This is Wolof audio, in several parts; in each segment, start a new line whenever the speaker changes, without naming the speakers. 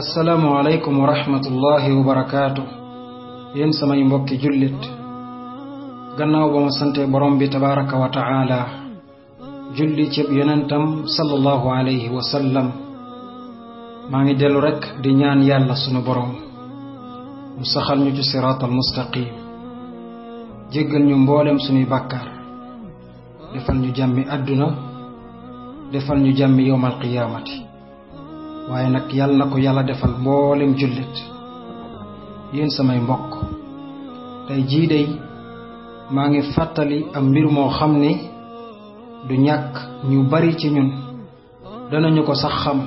assalaamu aleykum wa rahmatullahi wa barakaatu yéen samay mbokki jullit gannaaw ba ma sante borom bi tabaraka wa taala julli cib yonentam sallallahu alayhi wa sallam maa ngi dellu rekk di ñaan yàlla sunu borom mu saxal ñu ci siraatal mustaqim jéggal ñu mboolem sunuy bàkkaar defal ñu jàmmi àdduna defal ñu jàmmi yowmal qiyaamati waaye nag yàlla na ko yàlla defal mboolem jullit yéen samay mbokk tey jii day maa ngi fàttali am mbir moo xam ni du ñàkk ñu bari ci ñun danañu ko sax xam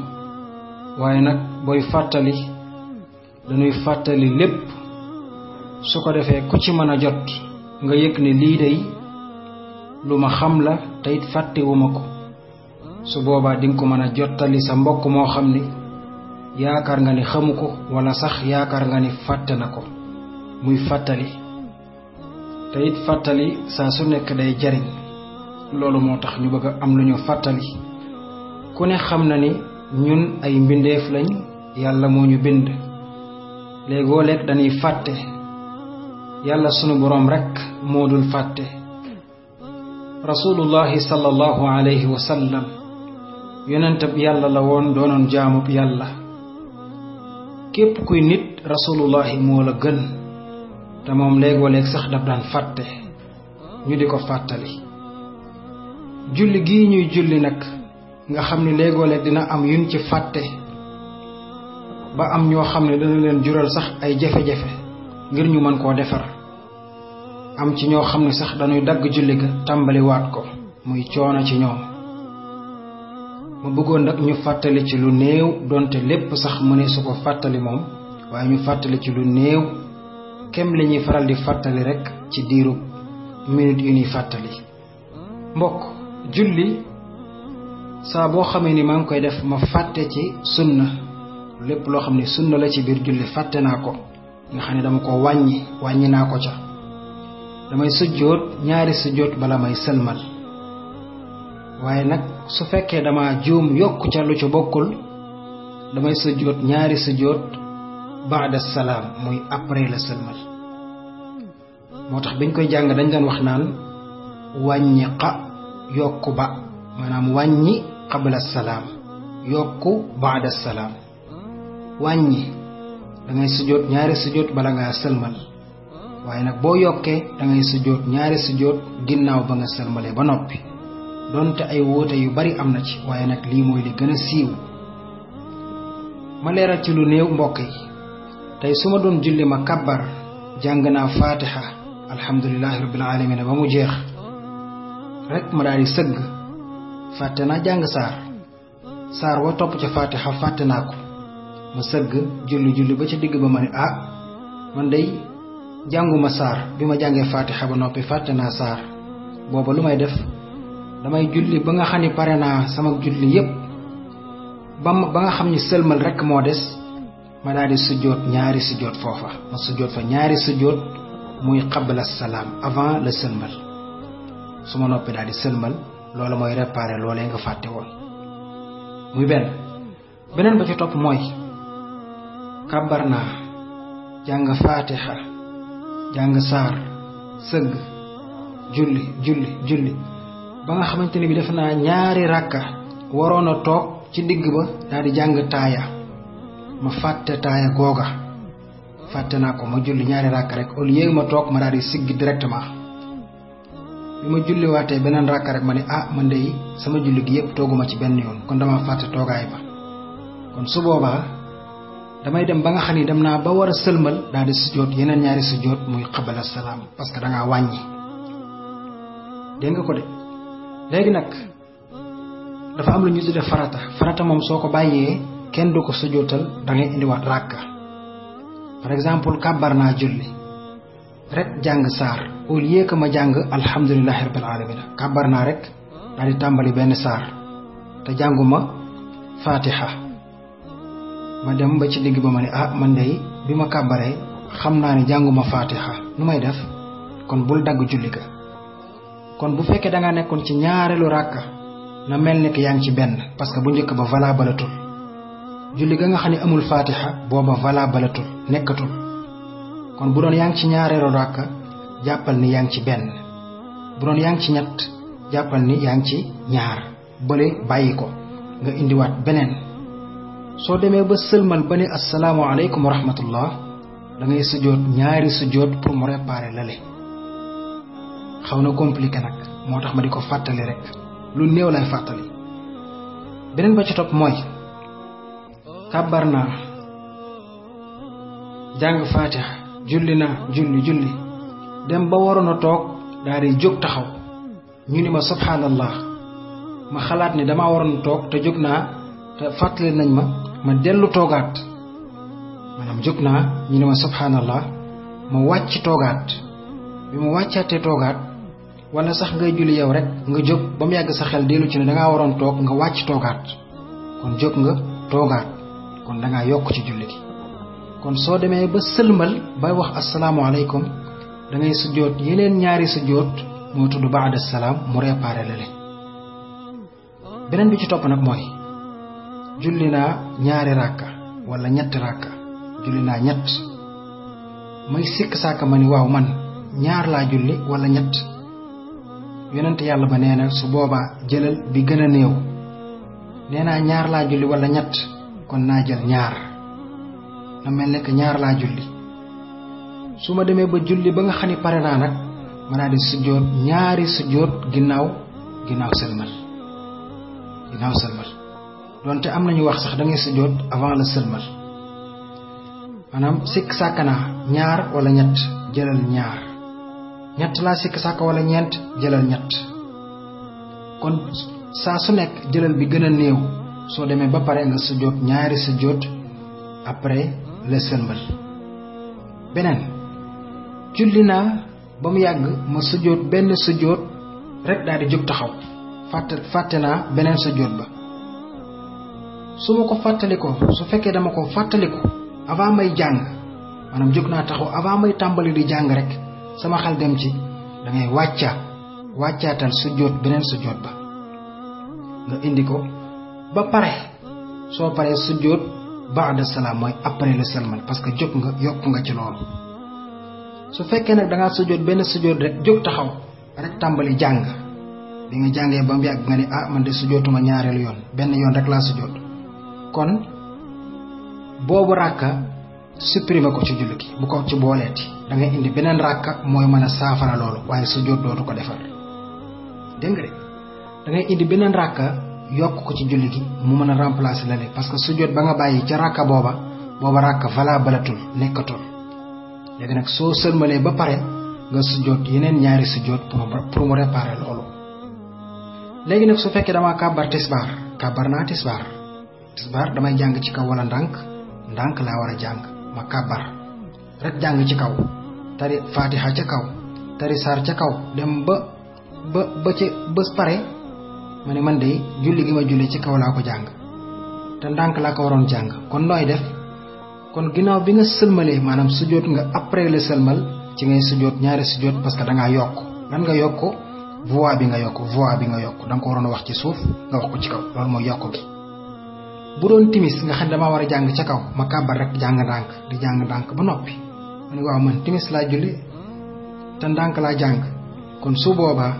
waaye nag booy fàttali dañuy fàttali lépp su ko defee ku ci mën a jot nga yëg ne lii day lu ma xam la tey it fàttewuma ko su boobaa dinga ko mën a jottali sa mbokk moo xam ni yaakaar nga ni xamu ko wala sax yaakaar nga ni fàtte na ko muy fàttali te fàttali saa su nekk day jariñ loolu moo tax ñu bëgg am lu ñu fàttali ku ne xam na ni ñun ay mbindeef lañ yàlla moo ñu bind léegoo leeg dañuy fàtte yàlla sunu boroom rekk moo dul fàtte rasulullahi sallallahu alayhi wa yonentab yàlla la woon doonoon jaamub yàlla képp kuy nit rasulullahi moo la gën te moom léegoo sax daf daan fàtte ñu di ko fàttali julli gi ñuy julli nag nga xam ni léegoo dina am yun ci fàtte ba am ñoo xam ne dana leen jural sax ay jafe-jafe ngir ñu mën koo defar am ci ñoo xam ne sax dañuy dagg julli tàmbaliwaat ko muy coono ci ñoom mu bëggoon nag ñu fàttali ci lu néew donte lépp sax mu ne su ko fàttali moom waaye ñu fàttali ci lu néew kem li ñuy faral di fàttali rekk ci diiru minute yu ñuy fàttali mbokk julli saa boo xamee ni maa ngi koy def ma fàtte ci sunna lépp loo xam ne sunna la ci biir julli fàtte naa ko nga xam ne dama ko wàññi wàññi naa ko ca damay sujjóot ñaari sujjóot bala may sëlmal waaye nag su fekkee dama juum yokk ca lu ci bokkul damay sujjóot ñaari sujjóot baada salaam muy après la sëlmal moo tax biñ koy jàng dañ daan wax naan wàññi xa yokku ba maanaam wàññi qabla salaam yokku baada salaam wàññi da ngay sujjóot ñaari sujjóot bala ngaa sëlmal waaye nag boo yokkee da ngay sujjóot ñaari sujjóot ginnaaw ba nga sëlmalee ba noppi donte ay woote yu bari am na ci waaye nag lii mooy li gën a siiw ma leeral ci lu néew mbokk yi tey su ma doon julli ma kabbar jàng naa faatiha alhamdulilahi rabbil alamina ba mu jeex rek ma daal di sëgg fàtte naa jàng saar saar wa topp ca faatiha fàtte naa ko ma sëgg julli julli ba ca digg ba ma ne ah man day jànguma saar bi ma jàngee faatiha ba noppi fàtte naa saar booba lu may def damay julli ba nga xam ni sama julli yépp ba ba nga xamni selmal rek mo dess ma daal di ñaari sujjoot fofa ma sujjoot fa ñaari sujjoot muy qabla salam avant le selmal suma noppi daal di sëlmal loolu mooy réparé loolee nga faté won muy ben benen ba ci top moy kabarna jang fatiha jang sar seug julli julli julli ba nga xamanteni bi def na ñaari rakka warona tok ci digg ba dal di jang taaya ma fatte taaya goga fatte na ko ma julli ñaari rakka rek au lieu ma tok ma dal di siggi directement bi ma julli waté benen rakka rek ma ah man day sama julli gi yépp toguma ci benn yoon kon dama fatte togaay ba kon su boba damay dem ba nga xani dem na ba wara selmal dal di sujjot yeneen ñaari sujjot muy qabala salam parce que da nga wañi deng ko de léegi nak, dafa am lu ñu tudde farata farata mom soko bayé kenn du ko sujootal da ngay wat rakka par exemple kabarna julli rek jang sar au lieu que ma jang alhamdullilah rabbil alamin kabarna rek daal di tàmbali benn saar te janguma fatiha ma dem ba ci digg ba ma ah man day bima kabaré xamna ni janguma fatiha numay def kon bul dag julli ka kon bu fekkee da nga nekkoon ci ñaareelu rakka na mel ni ki yaa ngi ci benn parce que bu njëkk ba valabalatul julli ga nga xam amul fatiha booba valabalatul nekkatul kon bu doon yaa ngi ci ñaareelu rakka jàppal ni yang ngi ci benn bu doon yaa ngi ci ñett jàppal ni yaa ngi ci ñaar bële bàyyi ko nga indiwaat beneen soo demee ba sëlmal ba ne assalaamu wa rahmatullah da ngay sujjoot ñaari sujjoot pour mu réparer lale xaw na compliqué nag moo tax ma di ko fàttali rek lu néew lay fàttali beneen ba ci topp mooy kàbbarna naa jàng faatiha julli naa julli julli dem ba waroon a toog daal di jóg taxaw ñu ni ma subhanallah ma xalaat ni dama waroon a toog te jóg naa te fàttali nañ ma ma dellu toogaat maanaam jóg naa ñu ni ma subhanallah ma wàcc toogaat bi ma wàccaatee toogaat wala sax ngay julli yow rek nga jóg ba mu yàgg sa xel dellu ci ne da ngaa waroon toog nga wàcc toogaat kon jóg nga toogaat kon da ngaa yokk ci julli gi kon soo demee ba sëlmal bay wax asalaamualeykum da ngay sujjoot yeneen ñaari sujjoot moo tudd baada salaam mu réparé la leen beneen bi ci topp nag mooy julli naa ñaari ràkka wala ñett ràkka julli naa ñett may sikk sàkk ma ni man ñaar laa julli wala ñett yonent yalla ba neena su boba jeelal bi gën a neena ñaar la julli wala ñatt kon na jël ñaar na melne ke ñaar la julli suma deme ba julli ba nga xani paré pare nak nag di sujjoot ñaari sujjoot ginnaw ginnaw selmal ginnaw selmal donte am nañu wax sax da ngay sujjoot avant le selmal manam sik sakana ñaar wala ñatt jeelal ñaar ñett la sik sàkk wala ñeent jëlal ñett kon saa su nekk jëlal bi gën a néew soo demee ba pare nga jot ñaari jot après le sëlmal beneen julli naa ba mu yàgg ma sujjóot benn jot rek daal di jóg taxaw fàtte fàtte naa beneen ba su ma ko fàttaliko su fekkee dama ko fàttaliko avant may jàng maanaam jóg taxaw avant may tàmbali di jàng rek sama xel dem ci da ngay wàcca wàccaatal sujjóot beneen sujjóot ba nga indi ko ba pare soo pare sujjóot baada salaam mooy après le selmal parce que jóg nga yokk nga ci loolu su fekkee nag da ngaa sujjóot benn sujjóot rek jóg taxaw rek tàmbali jàng bi nga jàngee ba mu nga ne ah man de ñaareelu yoon benn yoon rek laa kon boobu rakka supprimer ko ci julli bu ko ci booleti da ngay indi benen rakka moy mana safara lolu waye su sa jot dootu ko defal deng nga de da ngay indi benen rakka yok ko ci julli gi mu meuna remplacer lene parce que su jot ba nga bayyi ci rakka boba boba rakka vala balatul nekatul. léegi nak soo sëlmalee ba pare nga sujjoot yenen ñaari sujjoot pour pour mu réparer lolu legi nak su fekke dama kabar tisbar kabar na tisbar tisbar dama jang ci kaw wala Makabar, rek jang ci kaw tari fatiha ci kaw tari sar ci kaw dem ba ba ba ca bés pare mané man day julli gi ma julli ci kaw la ko jang te ndank la ko waron jang kon noy def kon ginaaw bi nga selmalé manam sujoot nga après le selmal ci ngay sujoot ñaari sujoot parce que da nga yok lan nga yok voix bi nga yok voix bi nga yok dang ko waron wax ci suuf nga wax ko ci kaw lool mo bu timis nga xam dama wara a jàng ca kaw ma kàbbar rek jàng ndànk di jàng ndànk ba noppi ma waaw man timis laa julli te ndànk laa jàng kon su boobaa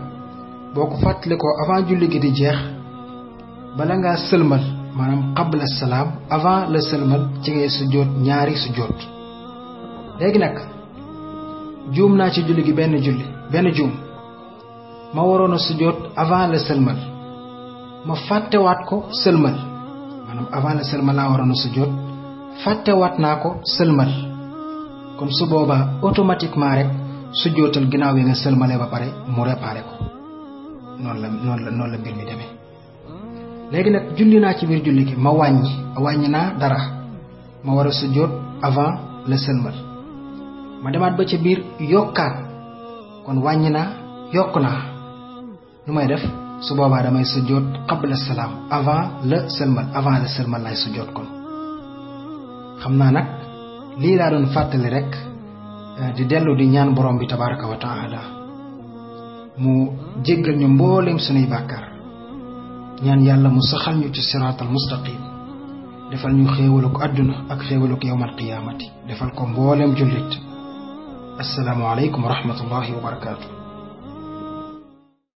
boo ko avant julli gi di jeex bala ngaa sëlmal maanaam qabla salaam avant la sëlmal ci ngay sujjóot ñaari sujjóot léegi nag juum naa ci julli gi benn julli benn juum ma waroon a avant la sëlmal ma ko sëlmal maanaam avant la sëlmal laa war a sujjóot fàttewaat naa ko sëlmal kon su boobaa automatiquement rek sujjóotal ginnaaw bi nga sëlmalee ba pare mu réparé ko noonu la noonu noonu mbir mi demee léegi nag julli naa ci biir julli gi ma wàññi wàññi naa dara ma war a sujjóot avant la sëlmal ma demaat ba ca biir yokkaat kon wàññi naa yokk naa nu may def su boobaa damay sujjoot qabla salaam avant le sëlmal avant le sëlmal lay sujjoot kon xam naa nag lii laa doon fàttali rek di dellu di ñaan borom bi tabaraka wa taala mu jéggal ñu mbooleem sunuy bàkkaar ñaan yàlla mu saxal ñu ci siraatal mustaqim defal ñu xéewaluk àdduna ak xéewaluk yowmal qiyaamati defal ko mbooleem jullit assalaamu aleykum wa rahmatullahi wa barakatuh